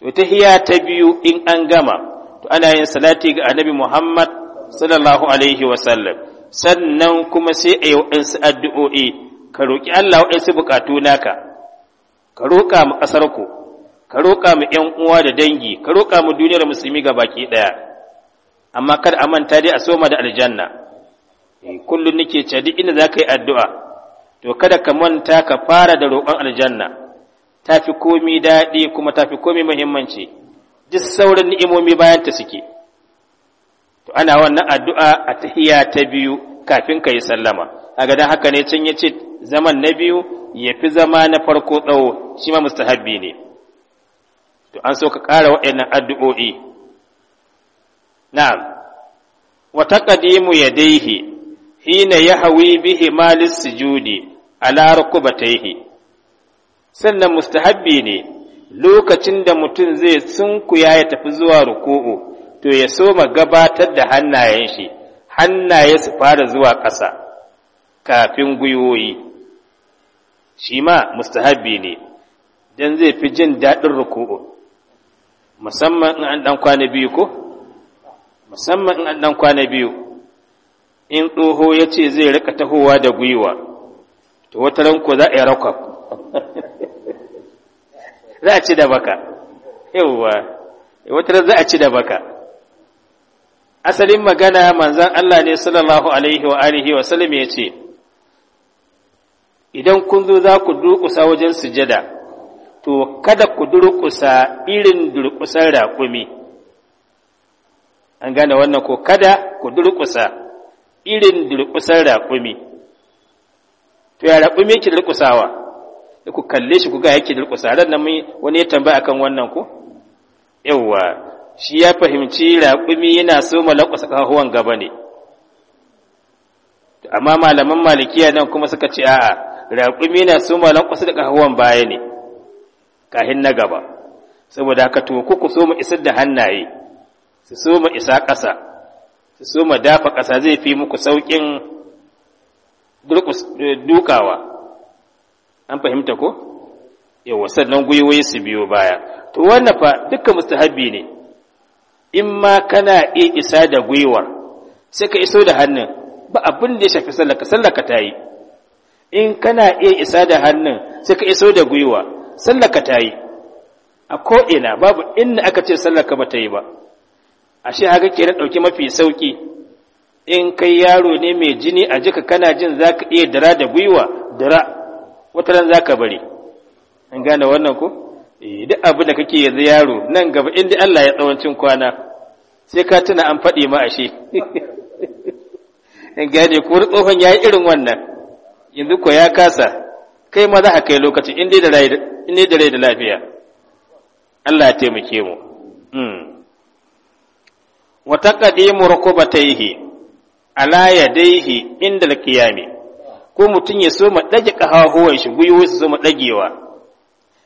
to tahiyya ta biyu in an gama to ana yin salati ga annabi Muhammad sallallahu alaihi wa sallam sannan kuma sai a yi su addu'o'i ka roƙi Allah waɗansu bukatu naka ka roƙa mu ƙasar ku ka roƙa mu ƴan uwa da dangi ka roka mu duniyar musulmi ga baki ɗaya amma kada a manta dai a soma da aljanna eh, kullum nake ca duk inda za ka yi addu'a to kada ka manta ka fara da roƙon aljanna ta fi komi daɗi kuma ta fi komi muhimmanci duk sauran ni'imomi bayan ta suke to ana wannan addu'a a tahiya ta biyu kafin ka yi sallama a gadan haka ne can ya ce zaman na biyu ya fi zama na farko tsawo shi ma mustahabbi ne to an so ka ƙara waɗannan addu'o'i na'am wa taqdimu yadayhi hina yahwi bihi malis sujudi ala rukubataihi sannan mustahabbi ne lokacin da mutum zai sunkuya ya tafi zuwa ruku'u to ya soma gabatar da hannayen shi hannaye su fara zuwa ƙasa kafin gwiwoyi shi ma mustahabbi ne dan zai fi jin daɗin ruku'u musamman in an ɗan kwana biyu ko musamman in an ɗan kwana biyu in tsoho ya ce zai rika tahowa da gwiwa to wata ran ko za a yi rakwab za a ci da baka yawwa wata ran za a ci da baka asalin magana manzan Allah ne sallallahu alaihi wa alihi wa sallam ya ce idan kun zo za ku durƙusa wajen sujada to kada ku durƙusa irin durƙusan raƙumi an gane wannan ko kada ku durƙusa irin durƙusan raƙumi to ya rabu me yake durƙusawa ku kalle shi ku ga yake durƙusa ran nan wani ya tambaya akan wannan ko yawa shi ya fahimci raƙumi yana so malakwasa kahuwan gaba ne amma malaman malikiya nan kuma suka ce a'a raƙumi yana so malakwasa da kahuwan baya ne kahin na gaba saboda haka to ku so mu isar da hannaye su so mu isa ƙasa su so mu dafa ƙasa zai fi muku sauƙin Eh, dukawa an fahimta ko yawa sannan gwiwoyi su biyo baya to wannan fa dukkan mustahabi ne in ma kana iya isa da gwiwar sai ka iso da hannun ba abin da ya shafi sallaka sallaka ta yi in kana iya isa da hannun sai ka iso da gwiwa sallaka ta yi a ko'ina babu inda aka ce sallaka ba ta yi ba ashe haka ke na ɗauki mafi sauƙi in kai yaro ne mai jini a jika kana jin za ka iya dara da gwiwa dara wata za ka bari an gane wannan ku. Eh, duk abin da kake yanzu yaro nan gaba inda Allah ya tsawancin kwana sai ka tuna an faɗi ma ashe in gane ko tsohon ya yi irin wannan yanzu ko ya kasa kai ma za ka kai lokaci in dai da rai da lafiya Allah ya taimake mu hmm. wata ƙadimu rukubataihi ala yadaihi inda alqiyami ko mutum ya so ma dage kahahuwan shi gwiwoyi su so ma dagewa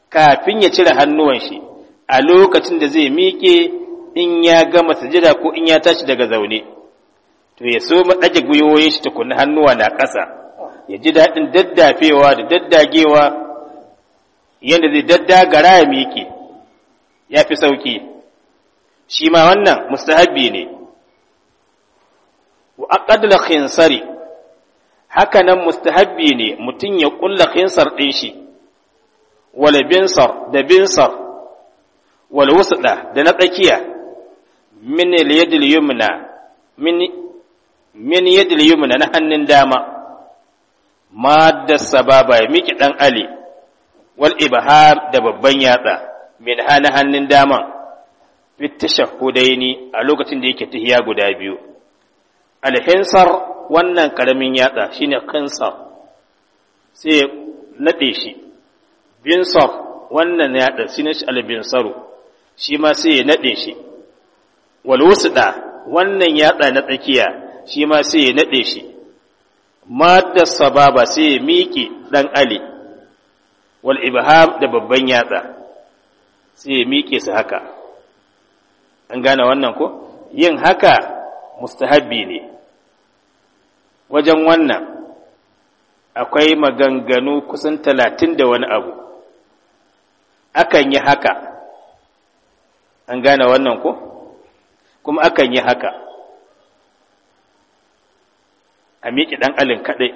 kafin ya cire hannuwan shi a lokacin da zai miƙe in ya gama sujada ko in ya tashi daga zaune to ya so ma dage gwiwoyin shi tukunna hannuwa na ƙasa ya ji daɗin daddafewa da daddagewa yadda zai daddagara ya miƙe ya fi sauƙi shi ma wannan mustahabbi ne wa aqadla khinsari haka nan mustahabbi ne mutum ya kulla khinsar din shi wal binsar da binsar wal wusda da na tsakiya min yadil yumna min min yadil yumna na hannun dama madda sababa ya miki dan ali wal ibhar da babban yatsa min hana hannun dama fit tashahhudaini a lokacin da yake tahiya guda biyu alhinsar wannan karamin yatsa shine kinsar sai naɗe shi binsar wannan yatsa shine shi albinsaru shi ma sai ya naɗe shi walwusda wannan yatsa na tsakiya shi ma sai ya naɗe shi matar sababa sai ya miƙe ɗan ali wal ibham da babban yatsa sai ya miƙe su haka an gane wannan ko yin haka mustahabbi ne wajen wannan akwai maganganu kusan talatin da wani abu akan yi haka an gane wannan ko kuma akan yi haka a miƙi ɗan alin kaɗai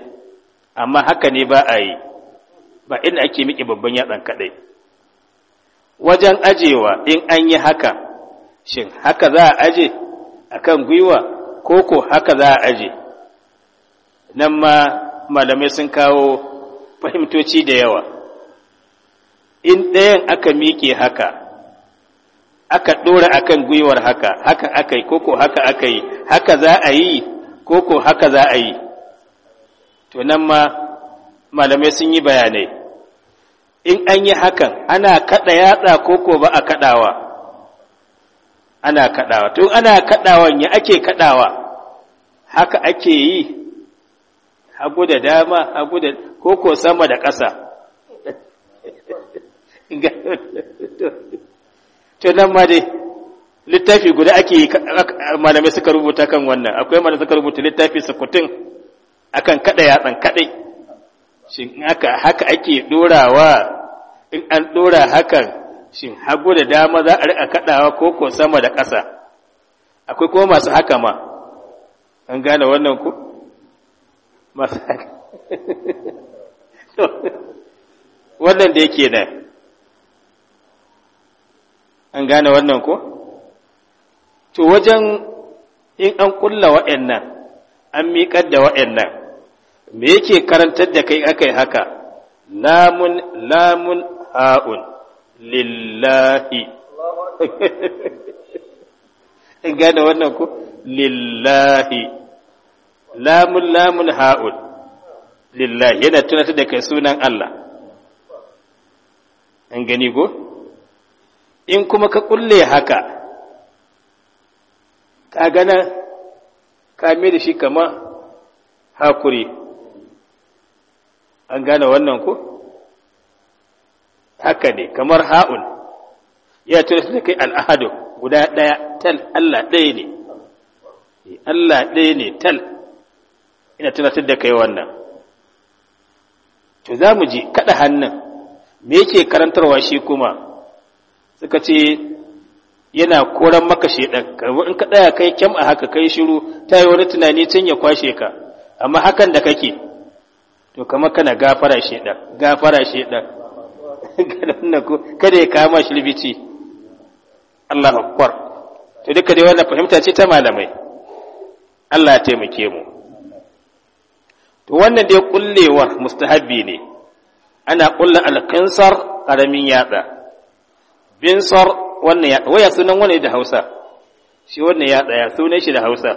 amma haka ne ba a yi ba inda ake miƙi babban yatsan kaɗai wajen ajewa in an yi haka shin haka za a aje akan gwiwa ko ko haka za a aje nan ma malamai sun kawo fahimtoci da yawa in ɗayan aka miƙe haka aka ɗora akan gwiwar haka haka aka yi koko haka aka yi haka za a yi koko haka za a yi to nan ma malamai sun yi bayanai in an yi hakan ana kaɗa yatsa koko ba a kaɗawa ana kaɗawa to ana kaɗawan ya ake kaɗawa haka ake yi hagu da dama hagu da koko sama da ƙasa to nan ma dai littafi guda ake malamai suka rubuta kan wannan akwai malamai suka rubuta littafi sukutun akan kada yatsan kadai shin haka haka ake dorawa in an dora hakan shin hagu da dama za a rika kadawa koko sama da ƙasa akwai kuma masu haka ma an gane wannan ku masani wannan da yake da an gane wannan ko to wajen in an kulla wa'annan an miƙar da wa'annan me yake karantar da kai yi haka namun lamun ha'un lillahi in gane wannan ko lillahi lamun lamun ha'ul lillahi yana tunatar da kai sunan Allah an gani ko in kuma ka kulle haka ka gana kame da shi kama hakuri an gane wannan ko haka ne kamar ha'ul ya tunatar da kai al'ahadu guda ɗaya tal Allah ɗaya ne eh, Allah ɗaya ne tal ina tunatar da kai wannan to za mu ji kada hannun me yake karantarwa shi kuma suka ce yana koran maka shedan karbu in ka daya kai kyam a haka kai shiru ta yi wani tunani can ya kwashe ka amma hakan da kake to kamar kana gafara shedan gafara shedan kada ya kama shi libici Allah akbar to duka dai wannan fahimta ce ta malamai Allah ya taimake mu to wannan dai kullewar mustahabbi ne ana kullan alkansar karamin yatsa binsar wannan yatsa waya sunan wani da hausa shi wannan yatsa ya sunan shi da hausa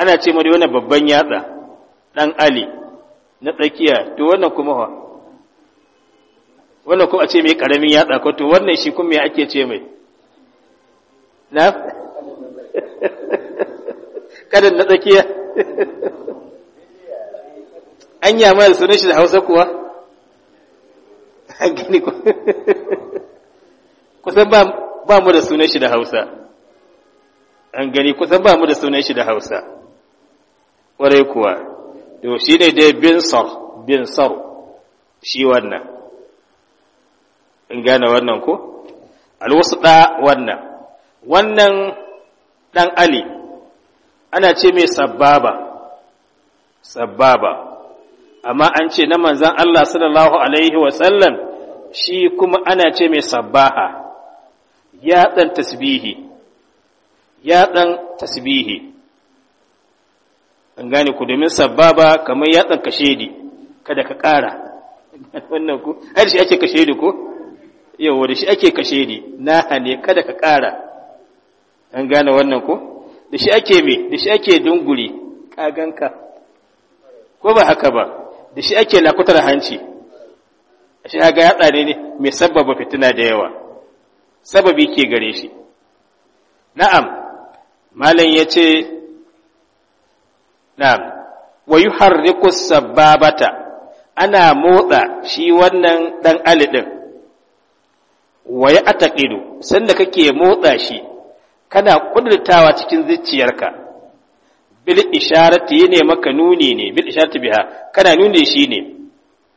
ana ce mai wannan babban yatsa dan ali na tsakiya to wannan kuma wa? wannan ko a ce mai karamin yatsa ko to wannan shi kuma me ake ce mai na kadan na tsakiya an yi amma da sunan shi da hausa kuwa an gani ku kusan ba mu da sunan shi da hausa an gani kusan ba mu da sunan shi da hausa ƙwarai kuwa da shi ne dai bin sar bin sar shi wannan in gane wannan ko ɗa wannan wannan dan ali ana ce mai sababa sababa amma an ce na manzan Allah sallallahu alaihi wasallam shi kuma ana ce mai sabbaha ya ɗan tasbihi ya ɗan tasbihi an gane ku domin sabbaba kamar ya ɗan kashedi kada ka ƙara wannan ku ai shi ake kashedi ko yawa da shi ake kashedi na hane kada ka ƙara an gane wannan ku da shi ake mai da shi ake dunguri ƙaganka ko ba haka ba da shi ake lakutar hanci shi ga yatsa ne mai sababa fitina da yawa sababi ke gare shi na'am malam ya ce na'am wa harriku sababata ana motsa shi wannan dan alidin wa ya ataqidu sanda kake motsa shi kana kudurtawa cikin zuciyarka bil isharati yana maka nuni ne bil isharati biha kana nuni shi ne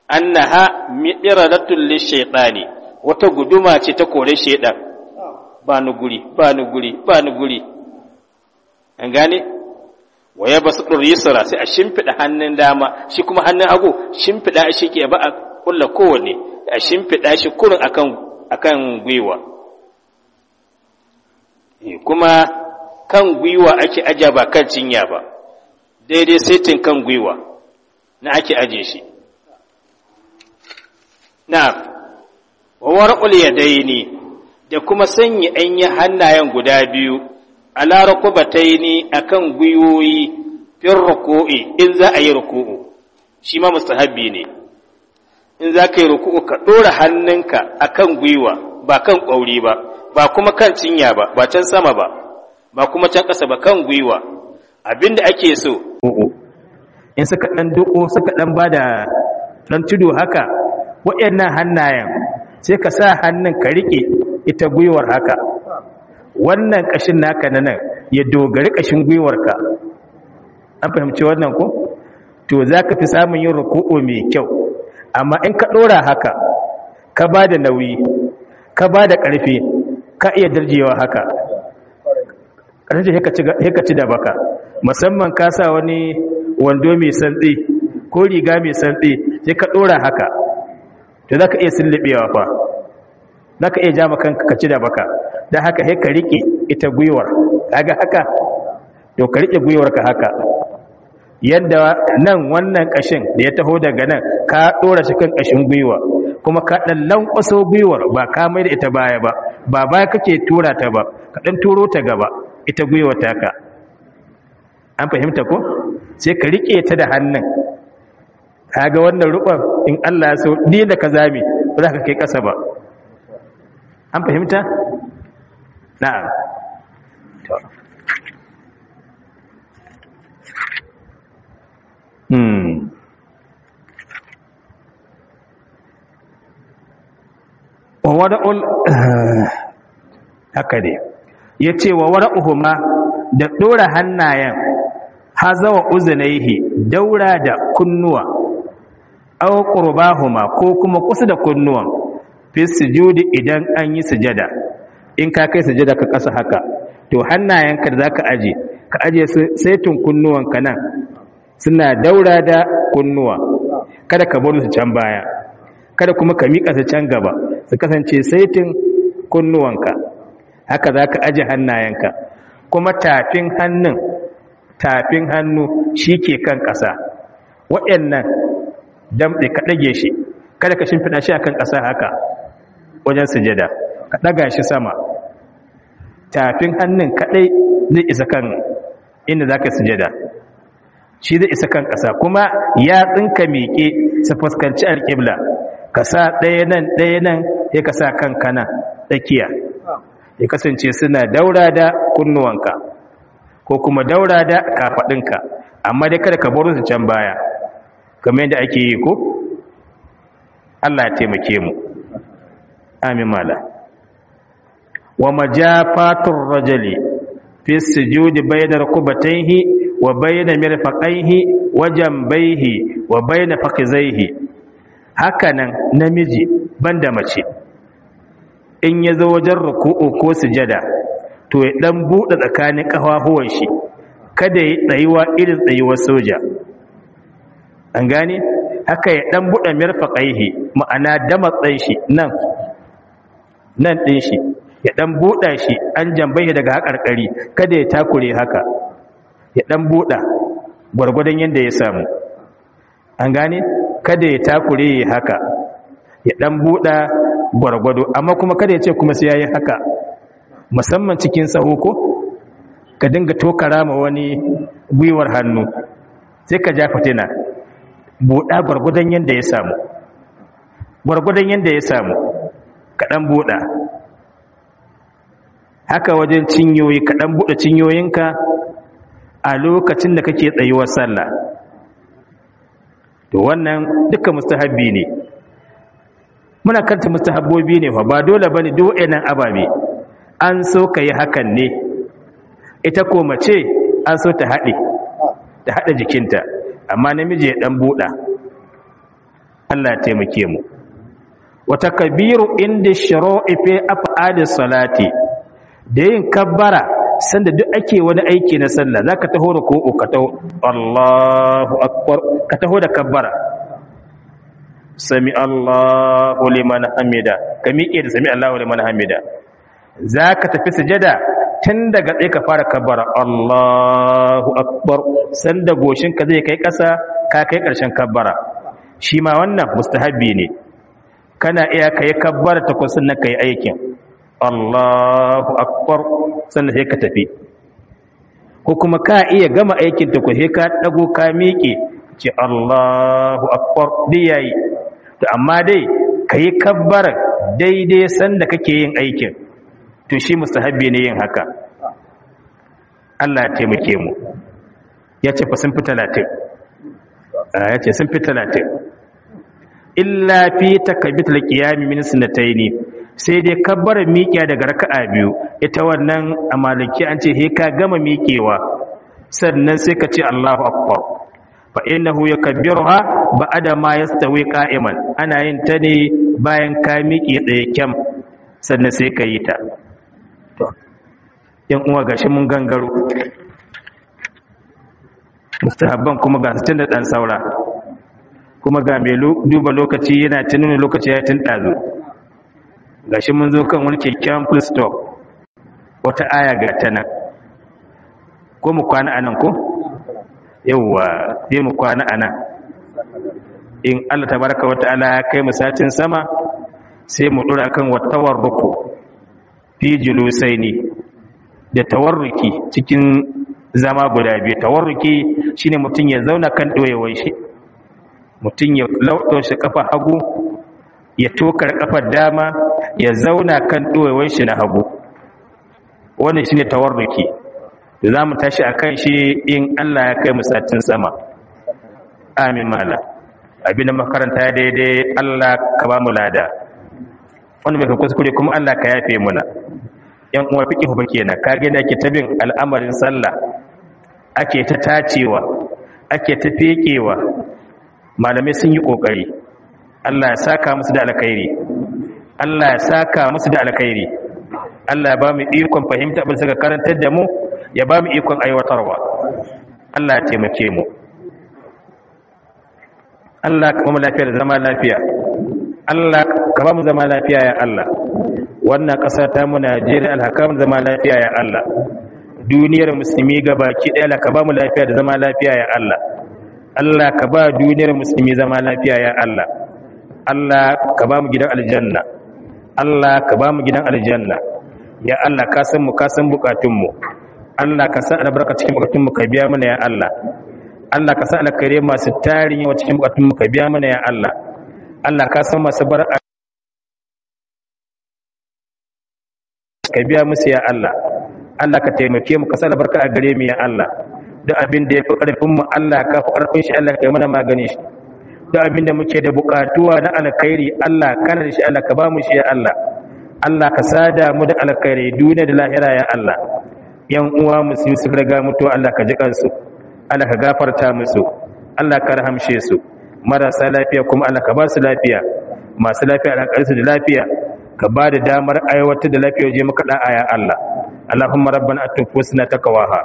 annaha midradatul lishaytani wata guduma ce ta kore shaydan ba ni guri ba ni guri ba ni guri an gane waya basdur yusra sai a shimfida hannun dama shi kuma hannun hagu shimfida shi ke ba a kulla kowanne a shimfida shi kurin akan akan gwiwa eh, kuma kan gwiwa ake aja ba kan cinya ba daidai saitin kan gwiwa na ake aje shi na wawarƙul ya daini da kuma sanya anya hannayen guda biyu a laraku bataini a kan gwiwoyi fin ruku'i in za a yi ruku'u shi ma mustahabbi ne in za ka yi ruku'u ka ɗora hannunka a kan gwiwa ba kan ƙwauri ba ba kuma kan cinya ba ba can sama ba ba kuma can ƙasa ba kan gwiwa abinda ake so in suka ɗan duko suka ɗan ba da ɗan tudu haka waɗannan hannayen sai ka sa hannun ka riƙe ita gwiwar haka wannan ƙashin naka na nan ya dogari ƙashin gwiwarka an fahimci wannan ko to za ka fi samun yin ruku'u mai kyau amma in ka ɗora haka ka ba da nauyi ka ba da ƙarfi ka iya darjewa haka ƙarshe haka ci da baka musamman ka sa wani wando mai santsi ko riga mai santsi sai ka ɗora haka to za ka iya sullubewa fa za ka iya ja makan ka ci da baka don haka sai ka riƙe ita gwiwar kaga haka to ka riƙe gwiwar ka haka yadda nan wannan ƙashin da ya taho daga nan ka ɗora shi kan ƙashin gwiwa kuma ka ɗan lankwaso gwiwar ba ka mai da ita baya ba ba baya kake tura ta ba ka ɗan turo ta gaba ita gwiwa taka an fahimta ko sai ka rike ta da hannun kaga wannan rubar in Allah ya so ni da ka mi ba za ka kai ƙasa ba an fahimta na'am to hmm wa wada'ul haka dai ya ce wa uhuma da ɗora hannayen hazawa uzunaihi daura da kunnuwa aw qurbahuma ko kuma kusa da kunnuwan fi sujudi idan an yi sujada in ka kai sujada ka kasa haka to hannayenka da zaka aje ka aje saitin kunnuwanka nan suna daura da kunnuwa kada ka bar su can baya kada kuma ka miƙa su can gaba su kasance saitin kunnuwanka haka za ka aji hannayenka kuma tafin hannun tafin hannu shi ke kan ƙasa waɗannan damɗe ka ɗage shi kada ka shimfiɗa shi a kan ƙasa haka wajen sujada ka ɗaga shi sama tafin hannun kaɗai zai isa kan inda za ka sujada shi zai isa kan ƙasa kuma yatsunka miƙe su fuskanci alƙibla ka sa ɗaya nan ɗaya nan ya ka sa kan kana tsakiya ya kasance suna daura da kunnuwanka ko kuma daura da kafaɗinka amma dai kada ka bar su can baya kamar yadda ake yi ko Allah ya taimake mu amin mala wa majafatur rajuli fi sujudi bayna rukbatayhi wa bayna mirfaqayhi wa jambayhi wa bayna fakhizayhi hakanan namiji banda mace in ya zo wajen ruku'u ko sujada to ya dan buɗe tsakanin kafafuwan shi kada ya tsayuwa irin tsayuwar soja an gane haka ya dan buɗe mirfaqaihi ma'ana damatsan shi nan nan din shi ya dan bude shi an jambaye daga haƙarƙari kada ya takure haka ya dan bude gwargwadon yadda ya samu an gane kada ya takure haka ya dan bude gwargwado amma kuma kada ya ce kuma sai yayi haka musamman cikin saho ka dinga tokara ma wani gwiwar hannu sai ka ja fitina buɗa gwargwadon yadda ya samu gwargwadon yadda ya samu kaɗan buɗa haka wajen cinyoyi kaɗan buɗe cinyoyinka a lokacin da kake tsayuwar sallah to wannan duka mustahabbi ne muna karta mustahabbobi ne fa ba dole bane duk wayannan ababe an so ka yi hakan ne ita ko mace an so ta haɗe ta haɗa jikinta amma namiji ya ɗan buɗa Allah ya taimake mu wata kabiru inda shara'i fi af'ali salati da yin kabbara sanda duk ake wani aiki na sallah zaka taho ko ka taho Allahu akbar ka taho da kabbara sami Allahu liman hamida ka miƙe da sami Allahu liman hamida ka tafi sujada tun daga tsaye ka fara kabara Allahu akbar sanda goshin ka zai kai ƙasa ka kai ƙarshen kabara shi ma wannan mustahabbi ne kana iya kai kabara ta kun ka kai aikin Allahu akbar sannan sai ka tafi ko kuma ka iya gama aikin ta sai ka dago ka miƙe ce Allahu akbar dai to amma dai ka yi kabbar daidai sanda kake yin aikin to shi mustahabbi ne yin haka Allah ya taimake mu ya ce fa sun fi talatin ah, ya ce sun fi talatin illa fi takabbit liqiyami min sunnataini sai dai kabbar miƙiya daga raka'a biyu ita wannan a maliki an ce he ka gama miƙewa sannan sai ka ce Allahu akbar fa innahu yakabbiruha Ba ada ma yastawi qa'iman ana yin ta ne bayan ka miƙe tsaye kyam sannan sai ka yi ta to yan uwa gashi mun gangaro mustahabban kuma ga tun da dan saura kuma ga mai duba lokaci yana tunin lokaci ya tun ɗazu gashi mun zo kan wani kyakkyawan full stop wata aya ga ta nan ko mu kwana anan, ko yauwa zai mu kwana anan. in Allah tabaraka wa ta'ala ya kai mu satin sama sai mu dora akan ruku, fi julusaini da tawarruki cikin zama guda biyu tawarruki shine mutum ya zauna kan doyewar shi mutum ya lauɗo shi kafa hagu ya tokar kafar dama ya zauna kan doyewar shi na hagu wannan shine tawarruki Za mu tashi akan shi in Allah ya kai mu satin sama amin malam abinda makaranta daidai Allah ka ba mu lada wanda mai kuskure kuma Allah ka yafe muna yan uwa fiqh ba na ka ga da ke tabin al'amarin sallah ake ta tacewa ake ta fekewa malamai sun yi kokari Allah ya saka musu da alkhairi Allah ya saka musu da alkhairi Allah ya ba mu ikon fahimta abin suka karantar da mu ya ba mu ikon aiwatarwa Allah ya taimake mu Allah ka mu lafiya da zama lafiya Allah ka mu zama lafiya ya Allah wannan ƙasa ta mu Najeriya Allah ka mu zama lafiya ya Allah duniyar musulmi ga baki ɗaya Allah ka ba mu lafiya da zama lafiya ya Allah Allah ka ba duniyar musulmi zama lafiya ya Allah Allah ka ba mu gidan aljanna Allah ka ba mu gidan aljanna ya Allah ka san mu ka san bukatun mu Allah ka san albarka cikin bukatun mu ka biya mana ya Allah Allah ka sa alkhairai masu tarin yawa cikin bukatun mu ka biya mana ya Allah Allah ka san masu bar ka biya musu ya Allah Allah ka taimake mu ka sa albarka a gare mu ya Allah da abin da ya fi karfin mu Allah ka fi karfin shi Allah ka yi mana magani shi da abin da muke da bukatuwa na alkhairi Allah kana da shi Allah ka ba mu shi ya Allah Allah ka sada mu da alkhairi duniya da lahira ya Allah yan uwa musu su riga mutuwa Allah ka ji kansu Allah ka gafarta musu Allah ka rahamshe su marasa lafiya kuma Allah ka ba lafiya masu lafiya Allah ka da lafiya ka ba da damar aiwatar da lafiya je maka dan aya Allah Allahumma rabbana atufusna taqwaha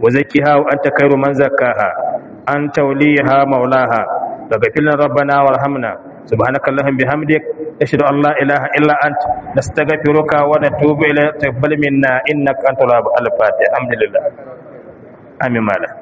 wa zakkiha wa anta khairu man zakkaha anta waliyaha maulaha tagfirna rabbana warhamna subhanaka allahumma bihamdik ashhadu an la ilaha illa anta nastaghfiruka wa natubu ilayka tabbal minna innaka antal wahhab al-fatih alhamdulillah amin malak